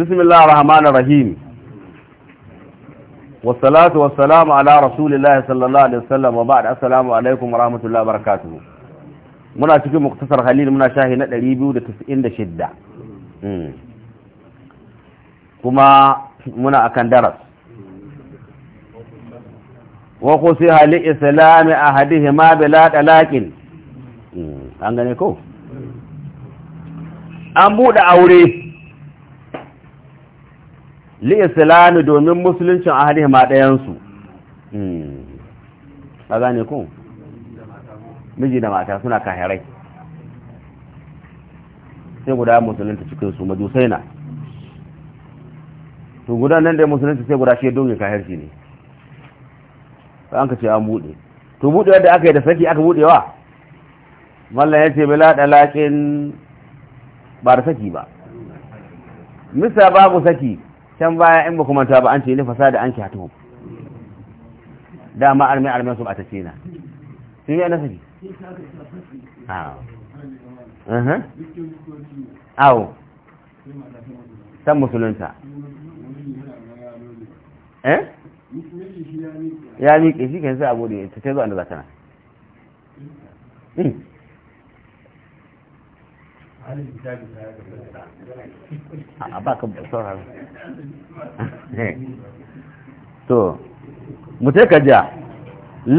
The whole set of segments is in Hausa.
بسم الله الرحمن الرحيم والصلاة والسلام على رسول الله صلى الله عليه وسلم وبعد السلام عليكم ورحمة الله وبركاته muna cikin muktasar halil muna shahi na 296 hmm. kuma muna akan daras wa a hali islami ahadihima bila talaqin hmm. an gane ko an buɗe aure li'islami domin musuluncin a hannun ɗayansu hmm. a gane ku miji da mata suna kahirai sai guda musulunta cikinsu majusai na to guda nan da musulunta sai guda shi dongin kahirci ne an ka ce an buɗe to buɗe wadda aka yi da saki aka buɗewa mallan ya ce bila ɗalaƙin ba da saki ba misa babu saki can baya in ba kuma ta ba an ce ni fasada an ki hatuhu dama arme arme su ba ta na. sun yi anasari awo san musulunta eh ya miƙe shi kan sa abu da ta ce zuwa da na. Hmm. a baka saurara to mutai ka ja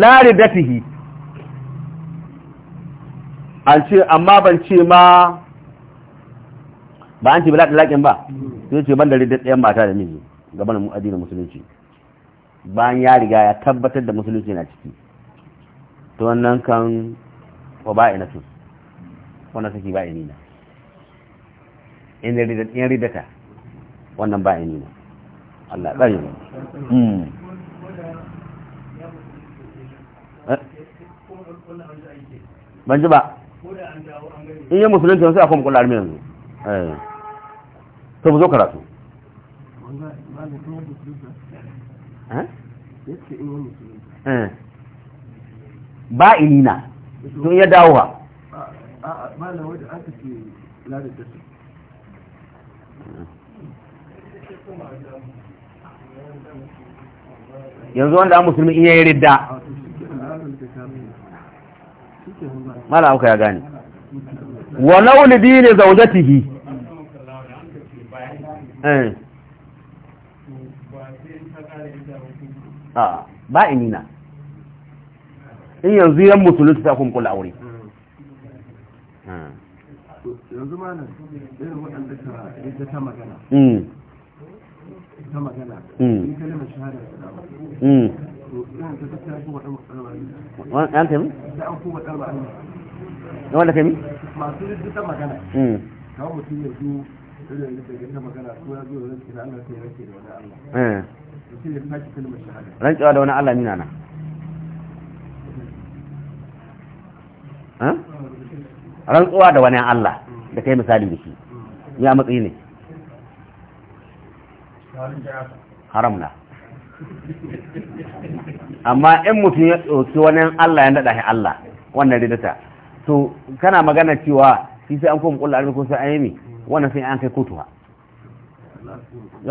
lari datihi an ce amma ban ce ma ba an ce bila talakin ba sai ce ban da ɗayan mata da miji gaban addinin musulunci bayan ya riga ya tabbatar da musulunci na ciki to wannan kan ba ina su wannan saki ina in ta wannan ba ne Allah ɗari ne hmm. eh? ban ji ba in yi musulunci wasu akwai makwallar mai yanzu eh. to mu zo karatu eh? ba ilina don ya dawowa ba na wadda aka ce ladar da yanzu wanda an musulmi iya yi ridda mala auka ya gane wa naulidi ne zaujatihi eh. ah, ba inina in yanzu yan musulunci ta kunkula aure yanzu ma nan irin waɗanda ka ita ta magana mm. ta magana mm. in kalimar shahada ta mm. yan dama an taimi? da an kuma ɗan ba'ani na wanda kaimi? masu rijita magana kawo mutum ya zo da ta magana ko ya zo da rinki da Allah sai ya rinki da wani Allah eh. mutum ya sake kalimar shahada rinkewa da wani Allah mina na rantsuwa da wani Allah da kai misali da shi ya matsayi ne haram na amma in mutum ya ɗauki wani Allah ya naɗa shi Allah wannan ridata to kana magana cewa shi sai an koma ƙulla arziki ko sai an yi wannan sai an kai kotu ha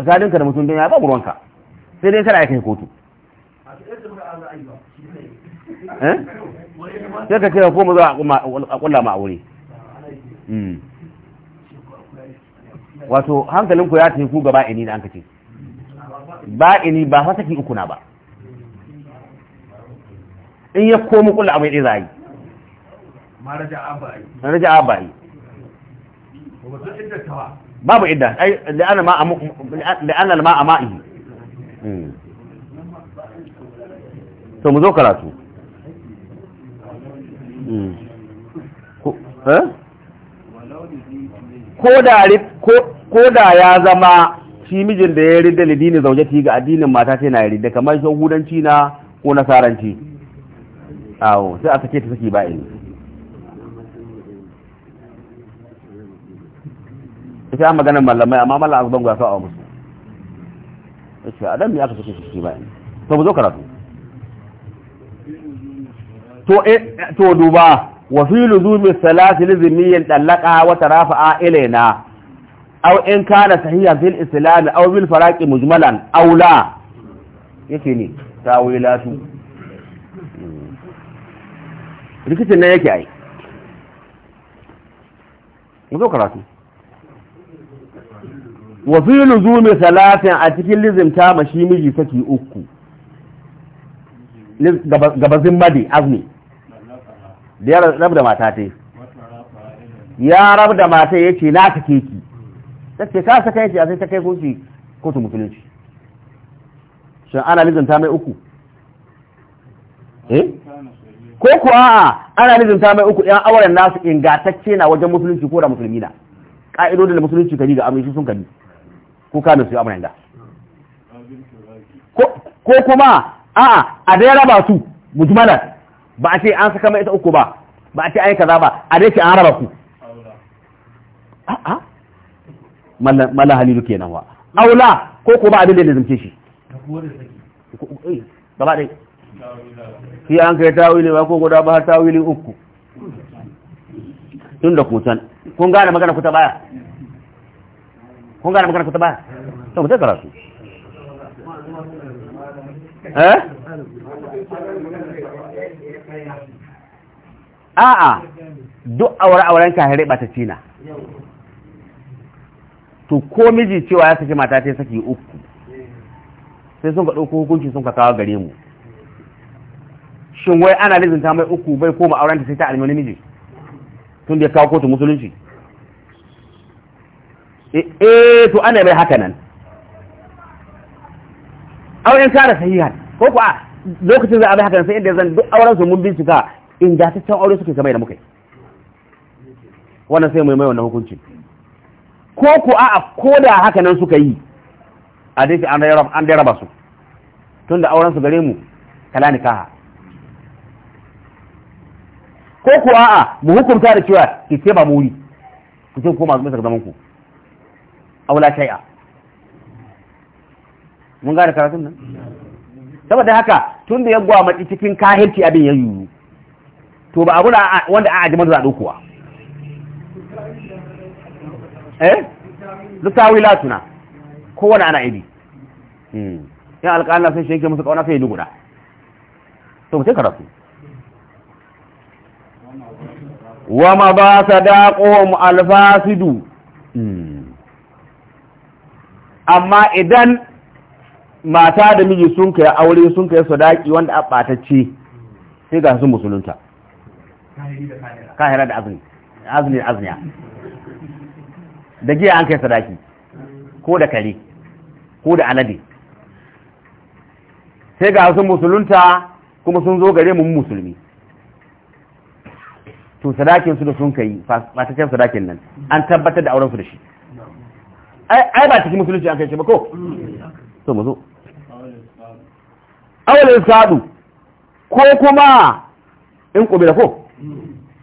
ka da mutum don ya ba ruwanka sai dai kana ya kai kotu eh? sai ka ce ko mu zo a ƙulla ma aure hmm. wato hankalinku ya tafi ku ga ba'ini da an kace ba'ini ba fa saki uku na ba in ya komo kula abai dai zai maraja abai babu idda ai la'ana ma a ma ama'i hmm. to mu zo karatu hmm. eh? ko da ko ko da ya zama shi mijin da ya da ladini zaujati ga addinin mata na yana ridda kamar hudanci na ko nasaranci awo sai a sake ta saki ba ta ita an maganar malamai amma mala a zuban gwasa a musu a dan mi aka sake saki ba ne. to mu zo karatu to eh, to duba wa fi luzumi salati lizmiyan wata wa tarafa'a ilaina aw in kana sahihan fil islam aw bil faraqi mujmalan aw la yake ne tawilatu rikicin nan yake ai mu zo karatu wa fi luzumi salatin a cikin lizimta ma shi miji saki uku gabazin madi azmi da ya rabu da mata ta yi. ya rabu da mata ya ce na take ki ta ka saka yace sai ta kai gunki kotu musulunci shi ana ta mai uku eh ko ku a'a ana ta mai uku yan auren nasu ingantacce na wajen musulunci ko da musulmi na ka'idodin da musulunci kaji ga amince sun kaji ko ka su amuran da ko kuma a'a a dai raba su mujmalan ba a ce an saka mai ita uku ba ba a ce an yi kaza ba a dai ce an raba ku a'a mala halilu kenan wa aula ko ko ba abin da ya lazumce shi eh, gaba dai shi an kai tawili ba ko guda ba tawili uku tun da kusan kun gane magana kuta baya kun gane magana kuta baya sau mutai karatu eh a'a duk aure auren kahire ba ta cina to ko miji cewa ya saki mata ta saki uku sai sun ka ɗauko hukunci sun ka kawo gare mu shin wai ana ta mai uku bai koma auren ta sai ta almi miji tun da ya kawo kotu musulunci eh, eh to ana bai haka nan auren ta da sahiha ko ku a lokacin za a bai haka nan sai inda zan duk auren su mun bincika can aure suke kamar da muka yi wannan sai mai mai wannan hukuncin ko ku a ko da haka nan suka yi a dai an dai raba su tun da auren su gare mu kala nikaha ko ku a mu hukunta da cewa ki ce ba muri ku ce ko masu misar zaman ku aula shay'a mun gane karatun nan saboda haka tun da ya gwamati cikin kahirci abin ya yiwu to ba abu wanda a ajimar za a ɗaukowa eh ko wani ana ibi hmm. Yan alƙalla sai shi yake musu kauna sai yi guda to mu sai karatu wa ma ba sadaqum alfasidu hmm. amma idan mata da miji sun kai aure sun kai sadaki wanda abatacce sai ga su musulunta kahira da azmi azmi azmiya da giya an kai sadaki ko da kare ko da alade sai ga wasu musulunta kuma sun zo gare mu musulmi to sadakin su da sun kai fatakken sadakin nan an tabbatar da auren su da shi ai ba cikin musulunci an kai shi ba ko so mu zo awalin sadu ko kuma in kubila ko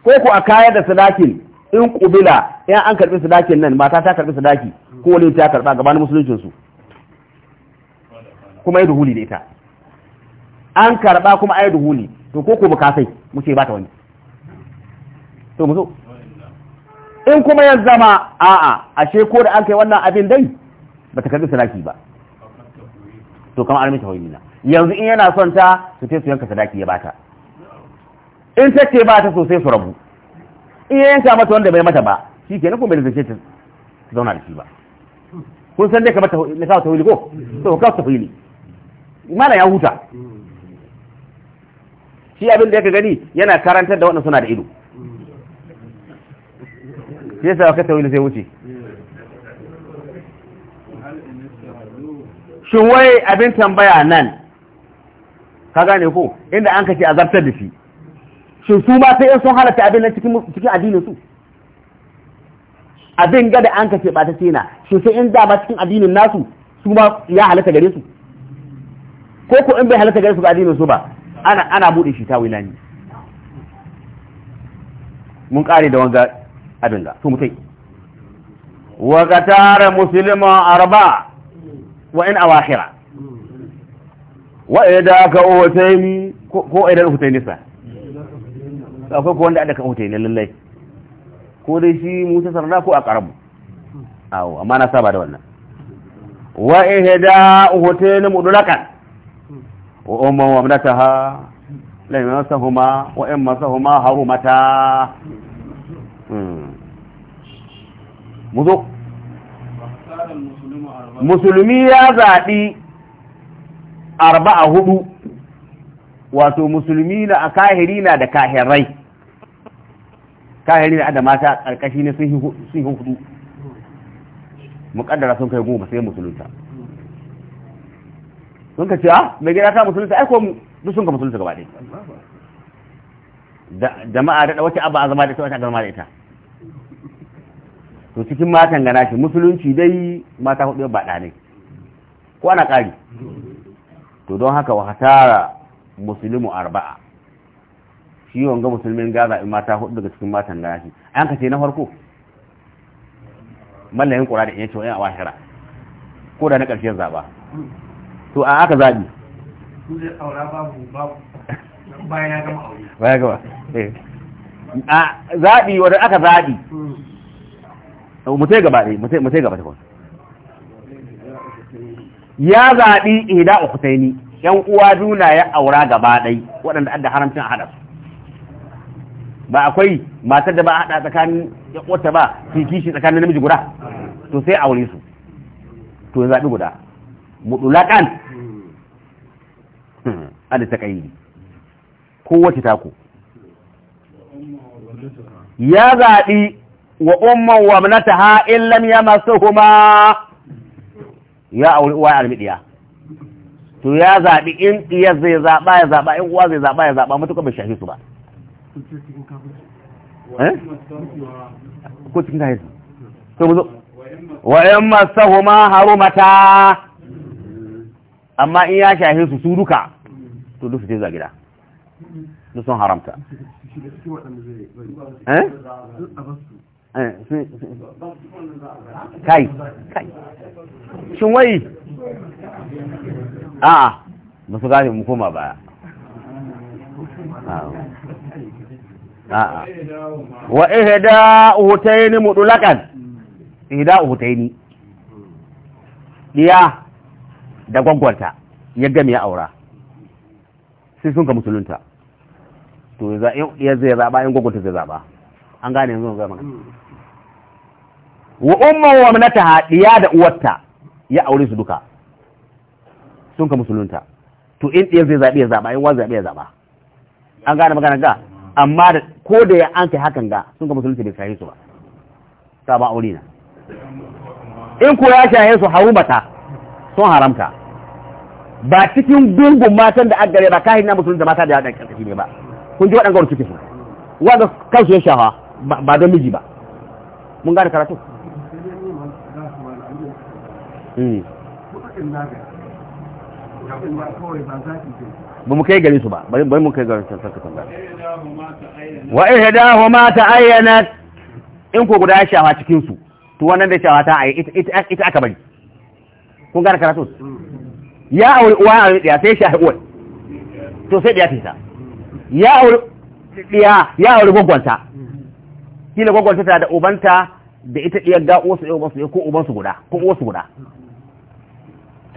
ko ku a kayar da sadakin in kubila ya an karbi sadakin nan mata ta karbi sadaki ko wani ta karba gabanin musuluncin su kuma ya duhuli da ita an karba kuma ai duhuli to ko ko kasai mu ce ba ta wani to mu zo in kuma ya zama a'a ashe ko da an kai wannan abin dai ba ta karbi sadaki ba to kamar an mita na. yanzu in yana son ta su ce su yanka sadaki ya bata in ta ce ba ta sosai su rabu in ya sa mata wanda bai mata ba shi ke nufin kuma bai zance ta zauna da shi ba kun san dai kamar na kawo wuli ko to kawo wuli mana ya huta shi abin da ya gani yana karantar da waɗanda suna da ido shi yasa ka wuli sai wuce shin wai abin tambaya nan ka gane ko inda an kace azabtar da shi shin su ma sai sun halatta abin nan cikin addinin su abin gada an kace ba ta cena shin sai in da ba cikin addinin nasu su ma ya halatta gare su ko ko in bai halatta gare su ga addinin su ba ana ana bude shi ta wilani mun kare da wanga abin ga su mutai wa qatara muslima arba wa in awakhira wa idaka uwataini ko idan uwataini sa akwai ko wanda aka hutu ne lallai ko dai shi musa sarda ko a ƙaramu. awo amma na saba da wannan wa ihda hotai ne mudulakan wa umma wa amnataha la yamasahuma wa in masahuma harumata hmm. muzo musulmi ya zaɓi arba'a hudu wato musulmi na a kahiri na da kahirai kahiri da mata karkashi ne sun yi hudu mukaddara sun kai goma sai musulunta sun ka ce ah, mai gida ta musulunta aiko duk sun ka musulunta gaba ɗaya jama'a da wace abu a zama da ita wace a zama da ita to cikin matan gana shi musulunci dai mata hudu ba ɗa ne ko ana ƙari to don haka wa hasara musulmu arba'a shi wanga musulmin gaza in mata hudu daga cikin matan gaya shi an ka ce na farko mallayin kura da yanci wani a wahira ko da na ƙarshen zaba to a aka zaɓi bayan ya gama aure bayan gama eh. a zaɓi wadda aka zaɓi hmm. mutai gaba ɗaya mutai gaba ta ya zaɓi ida ukutaini yan uwa juna ya aura gaba ɗai waɗanda adda haramcin a haɗa su ba akwai matar da ba a haɗa tsakanin wata ba su kishi tsakanin namiji guda to sai aure su to ya zaɓi guda mutulaƙan hmm. ala ta ko kowace tako ya zaɓi wa umman wa manata ha in lam ya masu kuma ya aure uwa almidiya to ya zaɓi in iya zai zaɓa ya zaɓa in uwa zai zaɓa ya zaɓa matuƙa bai shafi su ba Eh? ko cikin kayan to mu zo wa in masahuma harumata amma in ya shahe su su duka to duk su je zuwa gida duk sun haramta eh? Eh, kai kai shin wai a'a ba su gane mu koma baya wa ihda utaini mudulakan ihda utaini diya da gwagwanta ya gami ya aura sai sun ka musulunta to za ya zai zaba in gwagwanta zai zaba an gane yanzu ga magana wa umma wa manataha diya da uwarta ya aure su duka sun ka musulunta to in ɗaya zai zaɓe ya zaba, in wa zabi ya zaba. an gane magana ga amma da ko da ya an kai hakan ga sun ga musulunci bai shahe su ba ta ba aure na in ko ya shahe su harumata sun haramta ba cikin gungun matan da aka gare ba kahin na musulunci mata da yaɗa ƙarƙashi ne ba kun ji waɗanda cikin su wanda kansu ya shafa ba don miji ba mun gane karatu hmm. ba mu kai gare su ba bari mu kai gare su sarka tambaya wa ihdahu ma ta'ayyanat in ko guda ya shafa cikin su to wannan da shafa ta ayi ita ita aka bari kun gane karatu ya aure uwa ya aure sai shafi uwa to sai ya ta ya aure diya ya aure gwagwanta kila gwagwanta ta da ubanta da ita diyar ga uwa su ubansu ko su guda ko su guda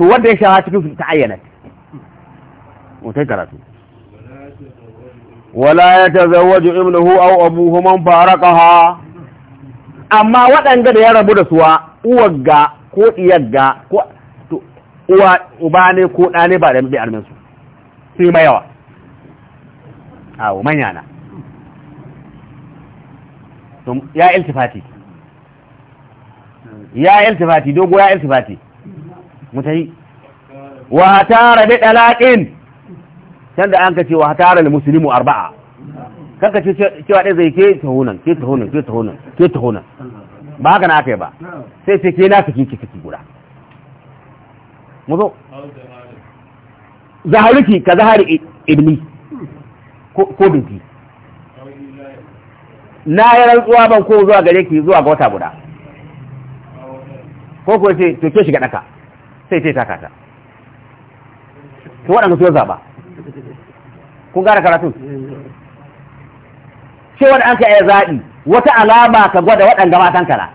to wanda ya shawa cikin su ta ayyana mutai karatu wala ya tazawwaju ibnuhu aw abuhu man faraqaha amma waɗanda da ya rabu da suwa uwagga ko Iyagga ko uwa uba ne ko ɗa ne ba da mabi armin su sai mai yawa awo manya na ya iltifati ya iltifati dogo ya iltifati mutai wa tara bi dalaqin sanda an kace wa tara al muslimu arba'a kanka ce wa dai zai ke tahunan ke tahunan ke tahunan ke tahunan ba haka na kai ba sai sai ke na saki ki saki guda zo zahariki ka zahari ibni ko dubi na yi rantsuwa ban ko zuwa gare ki zuwa ga wata guda ko ko ce to ke shiga daka sai ce ta ta to waɗanda su ya zaɓa kun gara karatun cewa da an ka yi zaɓi wata alama ka gwada waɗanda matan kala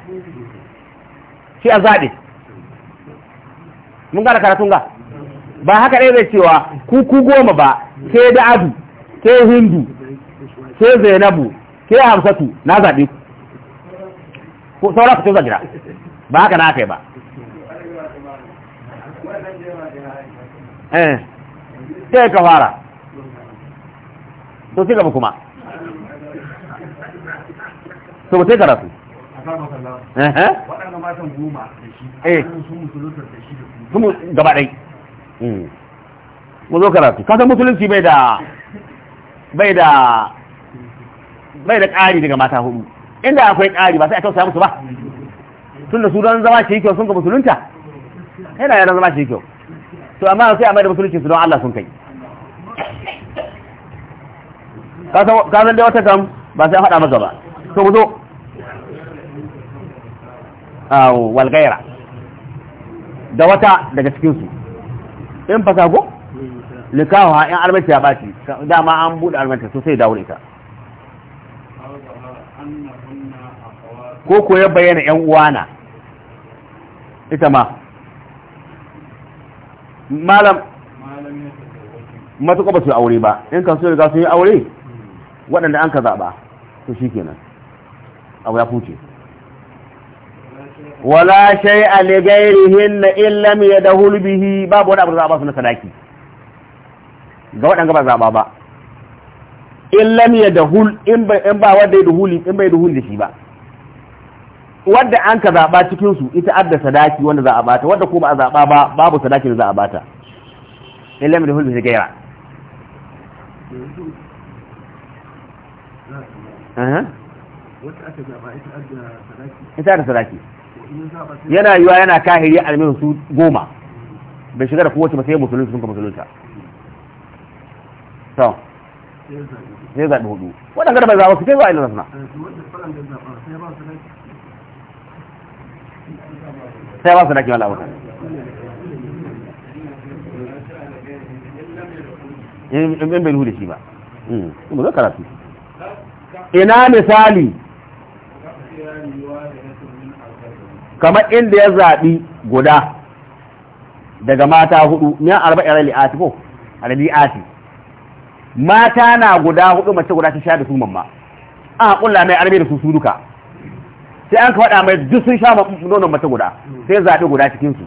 shi a zaɓe mun gara karatun ga ba haka ɗaya zai cewa kuku goma ba ke da abu ke hindu ke zainabu ke hamsatu na zaɓe ku saura ku ce zagira ba haka na aka yi ba ta eh. yi ka fara to sai gaba kuma to sai karatu eh, eh. waɗanda matan goma da shi sun da shi da gaba ɗai hmm. mu zo karatu kasan musulunci bai da bai da bai da ƙari daga mata hudu inda akwai ƙari ba sai a tausaya musu ba tun da su don zama shi kyau sun ga musulunta yana yaran zama shi kyau to amma sai a mai da musulunci su don Allah sun kai ka san dai wata kam ba sai faɗa maza ba to mu zo walgaira da wata daga cikinsu in fasago ko likawa in armaci ya ɓaci dama an buɗe armaci to sai dawo ita ko ko bayyana yan uwana ita ma malam matuƙa ba su aure ba in kan su riga sun yi aure waɗanda an ka zaɓa to shi kenan abu ya fuce wala shai a ligairihin na illam ya da hulbihi babu wani abu da zaɓa su na sadaki ga waɗanda ba zaɓa ba illam ya da hul in ba wadda ya da huli in bai da huli da shi ba wadda an ka zaɓa cikinsu ita adda sadaki wanda za a bata wadda ko ba a zaɓa ba babu sadaki da za a bata illa da hulbi gaira ita adda sadaki yana yiwa yana kahiri almin su goma bai shiga da kowace ba sai musulunci sun ka musulunta to sai zaɓi hudu waɗanda ba zaɓa su sai zuwa ilimin suna sai wasu su wala wuta in bai da shi ba hmm. mu zo karatu ina misali kamar inda ya zaɓi guda daga mata hudu miyan arba arba'in li'ati ko a li'ati. mata na guda hudu mace guda ta sha da su mamma a kulla mai arbe da su su duka sai an ka faɗa mai duk sun sha nonon mata guda sai zaɓe guda cikinsu